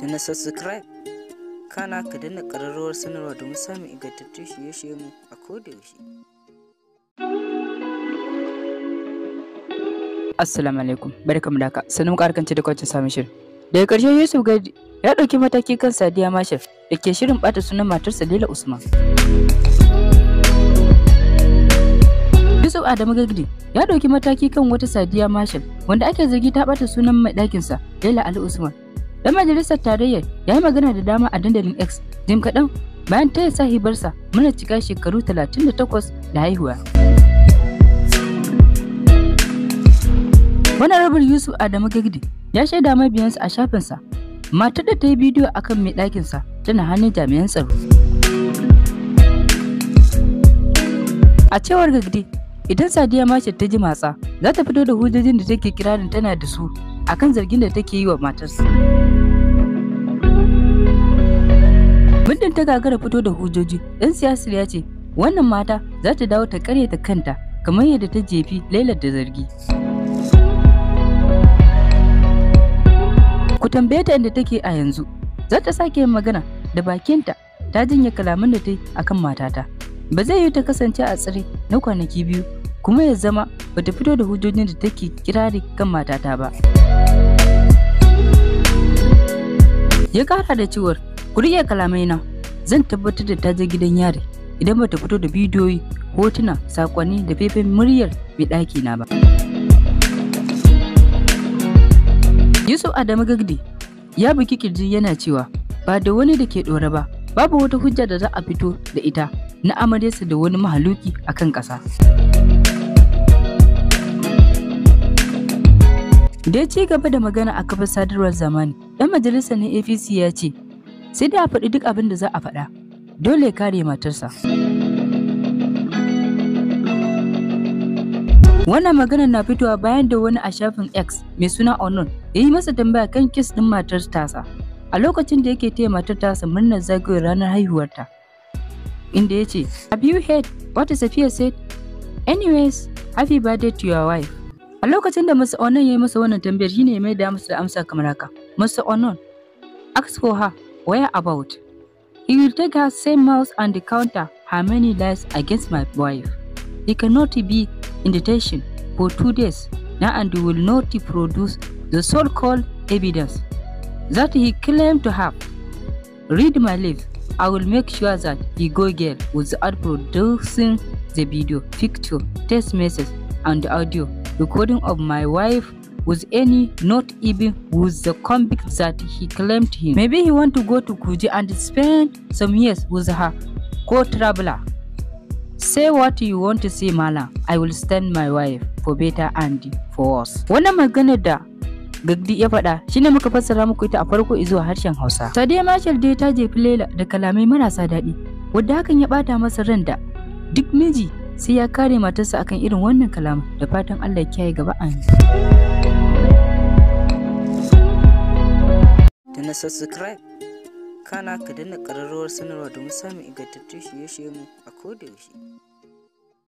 da na subscribe kana ka dana kararrawar sanarwa domin samun ingantattun shirye-shirye mu a kodayaushe. Assalamu alaikum, bari kamar haka, sanin karkance da kwacin samun shirin. Daga ƙarshen Yusuf Gadi ya ɗauki mataki kan Sadiya Mashir da ke shirin ɓata sunan matarsa Lila Usman. Yusuf Adamu Gagdi ya ɗauki mataki kan wata Sadiya Mashal wanda ake zargi ta ɓata sunan mai ɗakinsa Laila Ali Usman Dan majalisar tarayyar ya yi magana da dama a dandalin X jim kaɗan bayan ta taya sahibarsa muna cika shekaru 38 da haihuwa. Wani rabar Yusuf Adamu Gagdi ya shaida mabiyansa a shafinsa matar da ta yi bidiyo akan mai ɗakinsa tana hannun jami'an tsaro. A cewar Gagdi, idan Sadiya Mace ta ji matsa, za ta fito da hujjojin da take kirarin tana da su akan zargin da take yi wa matarsa. Muddin ta gagara fito da hujjoji, ɗan siyasar ya ce, wannan mata za ta dawo ta karyata kanta kamar yadda ta jefi lailar da zargi. Ku tambaye ta inda take a yanzu, za ta sake yin magana da bakinta ta jinya kalaman da ta yi a kan matata. Ba zai yi ta kasance a tsare na kwanaki biyu kuma ya zama bata fito da hujjojin da take kirari kan matata ba ya kara da cewar ku kalamai na zan tabbatar da ta je gidan yari idan bata fito da bidiyoyi hotuna sakonni da faifan muryar mai ɗaki na ba yusuf adamu gagdi ya buki kirji yana cewa ba da wani da ke ɗora ba babu wata hujja da za a fito da ita na amaryarsa da wani mahaluki a kan ƙasa. Da ya ci gaba da magana a kafar sadarwar zamani, ɗan majalisar ne APC ya ce, sai da a faɗi duk abin da za a faɗa, dole ya kare matarsa. Wannan magana na fitowa bayan da wani a shafin X mai suna Onon ya yi masa tambaya kan kes ɗin matar tasa a lokacin da yake taya matar tasa murnar zagayowar ranar haihuwarta. Inda ya ce, Have you heard what Safiya said? Anyways, happy birthday to your wife. A lokacin da Mr. Onon ya yi masa wannan tambayar shine ya maida masa da amsa kamar haka. Mr. Onon, ask for her, where about? He will take her same mouth and the counter her many lies against my wife. He cannot be in detention for two days now and will not produce the so-called evidence that he claimed to have. Read my lips. I will make sure that he go jail without producing the video, picture, text message, and audio recording of my wife was any, not even with the convict that he claimed him. Maybe he want to go to Kuji and spend some years with her co-traveler. Say what you want to say Mala, I will stand my wife for better and for worse. Wannan maganar da Gagdi ya faɗa shine muka fassara muku ita a farko izo harshen Hausa. Sadiya Marshall dai ta jefi Laila da kalamai marasa daɗi, wadda hakan ya ɓata masa ran da duk miji sai ya kare matarsa akan irin wannan kalama da fatan Allah ya kiyaye gaba an da na subscribe kana ka danna ƙararrawar sanarwa domin samun ingantattun shirye-shirye mu a koda yaushe